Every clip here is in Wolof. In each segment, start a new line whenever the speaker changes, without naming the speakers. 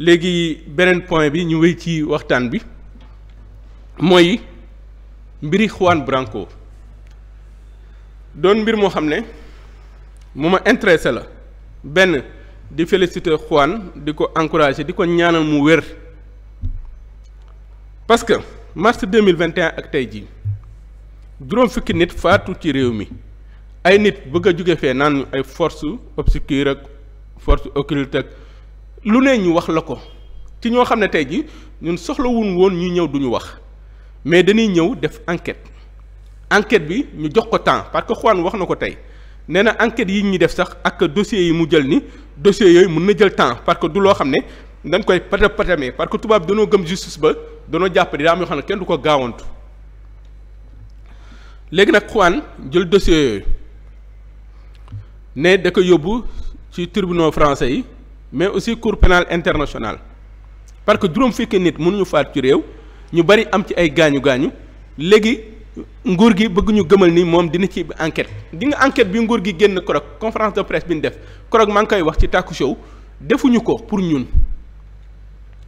léegi beneen point bi ñu wéy ci waxtaan bi mooy mbiri Juan Branco doon mbir moo xam ne mu ma intéressé la benn di féliciter Juan di ko encourager di ko ñaanal mu wér parce que mars deux mille vingt et ak tey jii juróom fukki nit faatu ci réew mi ay nit bëgg a jóge fee naan ay force obscure ak force occulte lu ne ñu wax la ko ci ñoo xam ne tey ji ñun soxlawuñ woon ñu ñëw duñu wax mais dañuy ñëw def enquête enquête bi ñu jox ko temps parce que Juan wax na ko tey nee na enquête yi ñuy def sax ak dossiers yi mu jël ni dossiers yooyu mën na jël temps parce que du loo xam ne dañ koy pata patamee parce que tubaab danoo gëm justice ba danoo jàpp di daa am yoo xam ne kenn du ko gaawantu léegi nag Juan jël dossiers yooyu ne da ko yóbbu ci tribunaux français yi mais aussi cour pénale internationale parce que juróom fukki nit mënuñu faat ci réew ñu bari am ci ay gaañu gaañu léegi nguur gi bëgg ñu gëmal ni moom dina ci enquête di nga enquête bi nguur gi génn korog conférence de presse bi ñu def korog maa ngi koy wax ci tàkku show defuñu ko pour ñun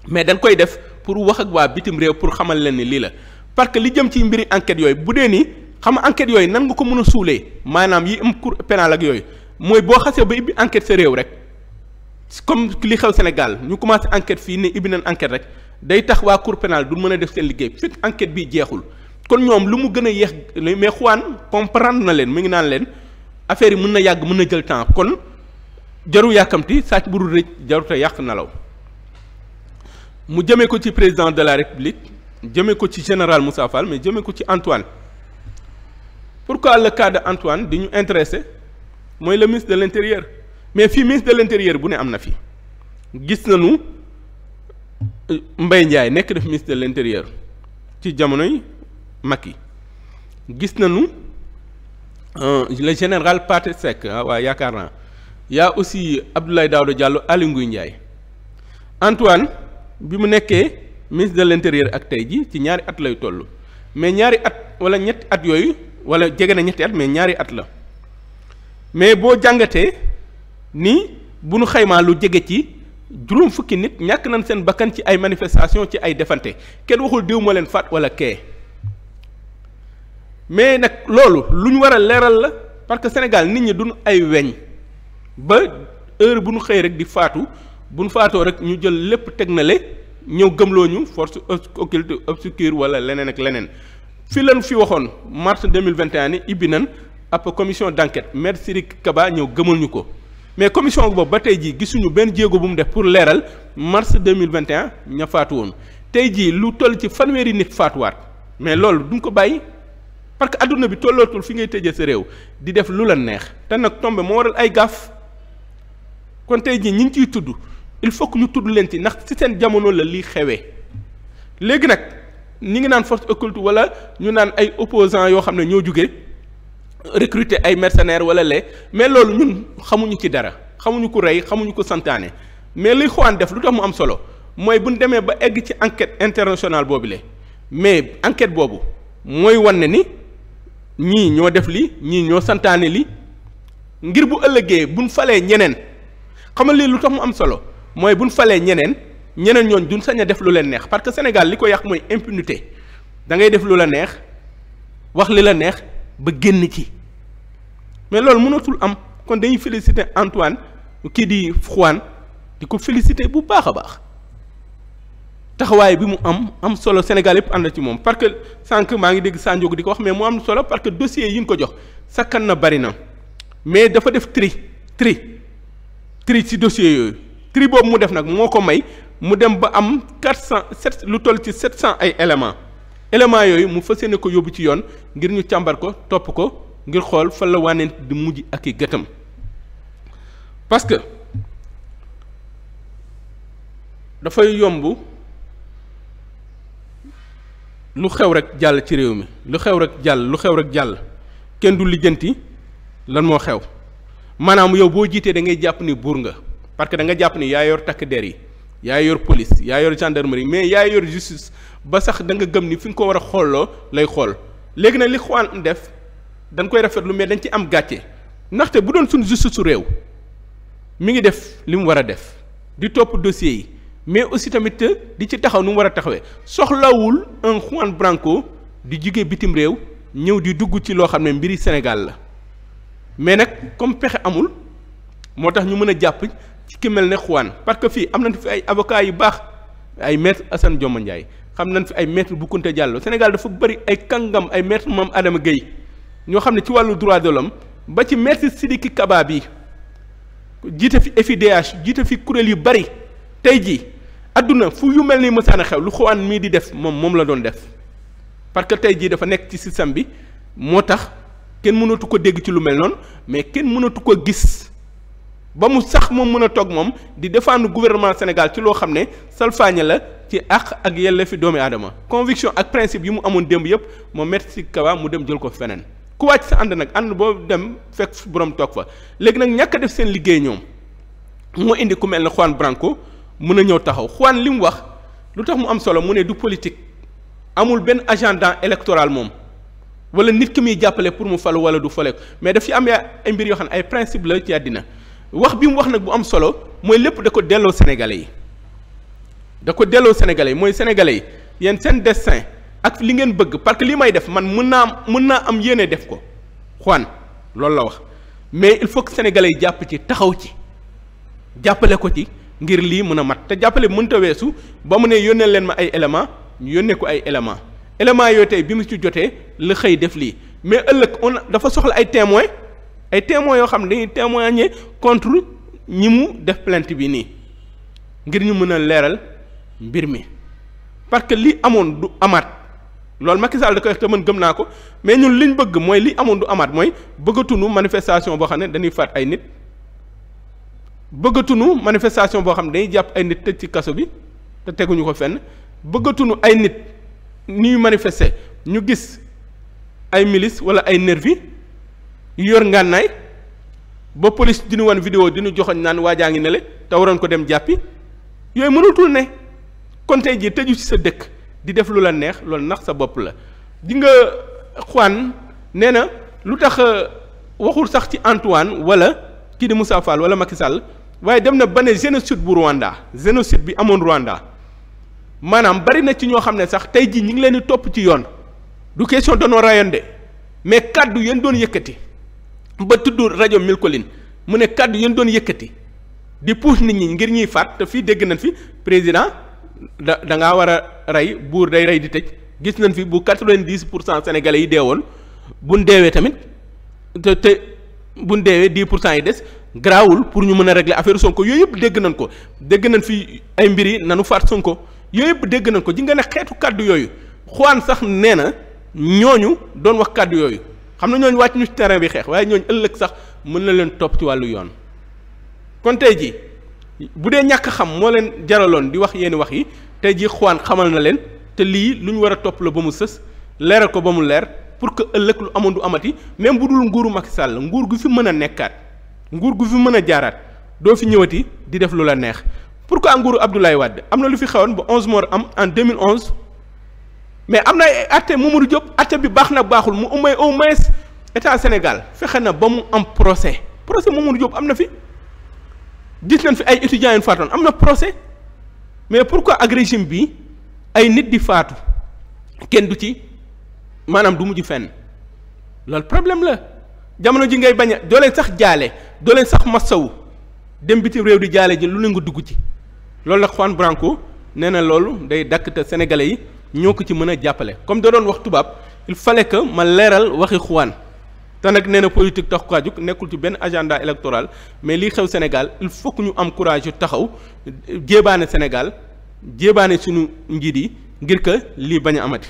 mais dañ koy def pour wax ak waa bitim réew pour xamal leen ni lii la parce que li jëm ci mbiri enquête yooyu bu dee nii xam enquête yooyu nan nga ko mën a suulee maanaam yi am cour pénal ak yooyu mooy boo xasee ba ibbi enquête sa réew rek. comme li xew Sénégal ñu commencé enquête fii ne ibbi nañ enquête rek day tax waa cour pénale du mën a def seen liggéey fekk enquête bi jeexul kon ñoom lu mu gën a yéex mais xuwaan comprendre na leen mu ngi naan leen affaire yi mën na yàgg mën na jël temps kon jaru yàkkamti sàcc bu dul rëcc jaruta yàq nalaw mu jëmee ko ci président de la république jëmee ko ci général Moussa Fall mais jëmee ko ci Antoine pour le cas de Antoine di ñu intéressé mooy le ministre de l'intérieur mais fii ministre de l'intérieur bu ne am na fi gis nañu euh, Mbaye Ndiaye nekk def ministre de l'intérieur ci jamonoy yi gis nañu euh, le général Pathé Seck ah, waa yaakaar naa y'a aussi Abdoulaye Daouda Diallo Aly Ngouille Ndiaye Antoine bi mu nekkee ministre de l'intérieur ak tey ji ci ñaari at lay toll mais ñaari at wala ñetti at yooyu wala jege na ñetti at mais ñaari at la mais boo jàngatee. ni bu nu lu jege ci juróom fukki nit ñàkk nañ seen bakkan ci ay manifestation ci ay defante kenn waxul diw moo leen faat wala kee mais nag loolu lu ñu waral leeral la parce que Sénégal nit ñi duñu ay weñ ba heure bu ñu xëy rek di faatu bu faatoo rek ñu jël lépp teg na le ñëw gëmloo ñu force occulte obscure wala leneen ak leneen fi lañ fi waxoon mars 2021 ni ibbi nañ ab commission d'enquête maître Sidiki Kaba ñëw gëmal ñu ko mais commission boobu ba tey jii gisuñu benn jéego bu mu def pour leeral mars deux mille vingt et ña faatu woon tey jii lu toll ci fanweeri nit faatuwaat mais loolu duñ ko bàyyi parce que adduna bi tollootul fi ngay tëjee sa réew di def lu la neex te nag tombe moo waral ay gaaf kon tey jii ñi ngi ciy tudd il faut que ñu tudd leen ci ndax ci seen jamono la lii xewee léegi nag ñi ngi naan force occulte wala ñu naan ay opposants yoo xam ne ñoo jugee. recruter ay mercenaires wala le mais loolu ñun xamuñu ci dara xamuñu ko rey xamuñu ko santaane mais liy xawaan def lu tax mu am solo mooy bu ñu demee ba egg ci enquête internationale boobu mais enquête boobu mooy wan ne ni ñii ñoo def lii ñii ñoo santaane li ngir bu ëllëgee buñ falee ñeneen xamal lii lu tax mu am solo mooy buñ falee ñeneen ñeneen ñooñ duñ sañ a def lu leen neex parce que Sénégal li ko yàq mooy impunité da ngay def lu la neex wax li la neex ba génn ci mais loolu mënatul am kon dañuy féliciter Antoine kii di Juan di ko féliciter bu baax a baax taxawaay bi mu am am solo Sénégal yëpp ànd ci moom parce que sànq maa ngi dégg ko di ko wax mais mu am solo parce que dossier yi ñu ko jox sakkan na bari na mais dafa def tri tri tri ci dossier yooyu tri boobu mu def nag moo ko may mu dem ba am quatre cent sept lu toll ci sept cent ay éléments éléments yooyu mu fa yéene ko yóbbu ci yoon ngir ñu càmbar ko topp ko ngir xool fan la wànnent di mujj ak i gëtam parce que dafay yomb lu xew rek jàll ci réew mi lu xew rek jàll lu xew rek jàll kenn du lijjanti lan moo xew maanaam yow boo jiitee da ngay jàpp ni buur nga parce que da nga jàpp ni yaa yor takk der yi yaa yor police yaa yor gendarmerie mais yaa yor justice ba sax da nga gëm ni fi nga ko war a xooloo lay xool léegi nag li xawaan def dañ koy rafetlu mais dañ ci am gàcce ndaxte bu doon suñ justice su réew mi ngi def li mu war a def di topp dossier yi mais aussi tamit di ci taxaw nu mu war a taxawee soxlawul un Juan Branco di jugee bitim réew ñëw di dugg ci loo xam ne mbiri Sénégal la mais nag comme pexe amul moo tax ñu mën a jàpp ci ki mel ne xuwaan parce que fii am nañ fi ay avocats yu baax ay maître Assane Dioma Ndiaye xam nañ fi ay maître Boucounta Diallo Sénégal dafa bëri ay kàngam ay maître Mame Adama géey ñoo xam ne ci wàllu droit de ba ci maître Sidiki kabaa bi jiite fi FIDH jiite fi kuréel yu bari tey jii adduna fu yu mel ni mësaana xew lu xuwaan mii di def moom moom la doon def parce que tey jii dafa nekk ci système bi moo tax kenn mënatu ko dégg ci lu mel noonu mais kenn mënatu ko gis ba mu sax moom mën a toog moom di défendre gouvernement Sénégal ci loo xam ne salfaañe la ci àq ak fi doomi aadama conviction ak principe yi mu amoon démb yëpp moo metti ci kawa mu dem jël ko feneen ku wàcc sa ànd nag ànd boo dem fekk boroom toog fa léegi nag ñàkk a def seen liggéey ñoom moo indi ku mel ne Juan Branco mën a ñëw taxaw Juan li mu wax lu tax mu am solo mu ne du politique amul benn agenda électoral moom wala nit ki muy jàppale pour mu falu wala du fale mais daf am ay mbir yoo xam ne ay principe la ci àddina wax bi mu wax nag bu am solo mooy lépp da ko delloo sénégalais yi da ko delloo sénégalais yi mooy sénégalais yi yéen seen destin ak li ngeen bëgg parce que li may def man mën naa am mën naa am yéene def ko xwan loolu la wax mais il faut que sénégalais yi jàpp ci taxaw ci jàppale ko ci ngir lii mun a mat te jàppale mënta weesu ba mu ne yónnee leen ma ay éléments ñu yónnee ko ay éléments éléments yoo tey bi mu ci jotee la xëy def lii mais ëllëg on dafa soxla ay témoins ay témoins yoo xam ne dañuy témoigner contre ñi mu def plainte bi nii ngir ñu mën a leeral mbir mi parce que li amoon du amaat loolu Macky Sall da koy wax te man gëm naa ko mais ñu liñ bëgg mooy li amoon du amaat mooy bëggatu nu manifestation boo xam ne dañuy faat ay nit bëggatunu manifestation boo xam ne dañuy jàpp ay nit tëj ci kaso bi te teguñu ko fenn bëggatunu ay nit ñuy manifester ñu gis ay milice wala ay nervi yu yor ngànnaay ba police di ñu wan vidéo di ñu joxoñ naan waajaa ngi ne le te waroon ko dem jàppi yooyu mënatul ne kon tey jii tëju ci sa dëkk di def lu la neex loolu nax sa bopp la di nga xwaan nee na lu tax euh, waxul sax ci Antoine wala kii di Moussa Fall wala Macky Sall waaye dem na ba ne génocide bu Rwanda génocide bi amoon Rwanda maanaam bari na ci ñoo xam ne sax tey jii ñu ngi leen topp ci yoon du question danoo rayon de mais kàddu yéen doon yëkkati ba tudd rajo Milkoline mu ne kàddu yéen doon yëkkati di puus nit ñi ngir ñuy faat te fii dégg nañ fi président da da ngaa war a rey buur day rey di tëj gis nañ fi bu quatre-vingt-dix pour cent sénégalais yi deewoon buñ deewee tamit te te buñ deewee di pour cent yi des garaawul pour ñu mën a régler affaire Sonko yooyu yëpp dégg nañ ko dégg nañ fi ay mbir yi nanu faat Sonko yooyu yëpp dégg nañ ko ji nga ne xeetu kàddu yooyu xuwaan sax nee na ñooñu doon wax kàddu yooyu. xam na ñooñu wàcc ñu ci terrain bi xeex waaye ñooñu ëllëg sax mën na leen topp ci wàllu yoon kon tey ji bu dee ñàkk xam moo leen jaraloon di wax yenn wax yi tey jii xuwaan xamal na leen te lii lu ñu war a topp la ba mu sës leeral ko ba mu leer pour que ëllëg lu amoon du amati même bu dul nguuru Macky sàll nguur gu fi mën a nekkaat nguur gu fi mën a jaaraat doo fi ñëwati di def lu la neex pour pourquoi nguuru Abdoulaye Wade am na lu fi xewoon ba 11 morts am en 2011 mais am na ay atte Mamadou Diop atte bi baax na baaxul mu umay au moins état Sénégal fexe na ba mu am procès procès Mamadou Diop am na fi gis nañ fi ay étudiants yu faatoon am na procès mais pourquoi ak régime bi ay nit di faatu kenn du ci maanaam du mujj fenn loolu problème la jamono ji ngay bañ a doo leen sax jaale doo leen sax masawu dem bitim réew di jaale ji lu ne nga dugg ci loolu la Juan Branco nee na loolu day dakk te yi. ñoo ko ci mën a jàppale comme da doon wax tubaab il fallait que ma leeral waxi xuwaan te nag nee na politique tax ko jóg nekkul ci benn agenda électoral mais lii xew senegal il faut ñu am courage taxaw jéebaane Sénégal jéebaane suñu njiit yi ngir que lii bañ a amati.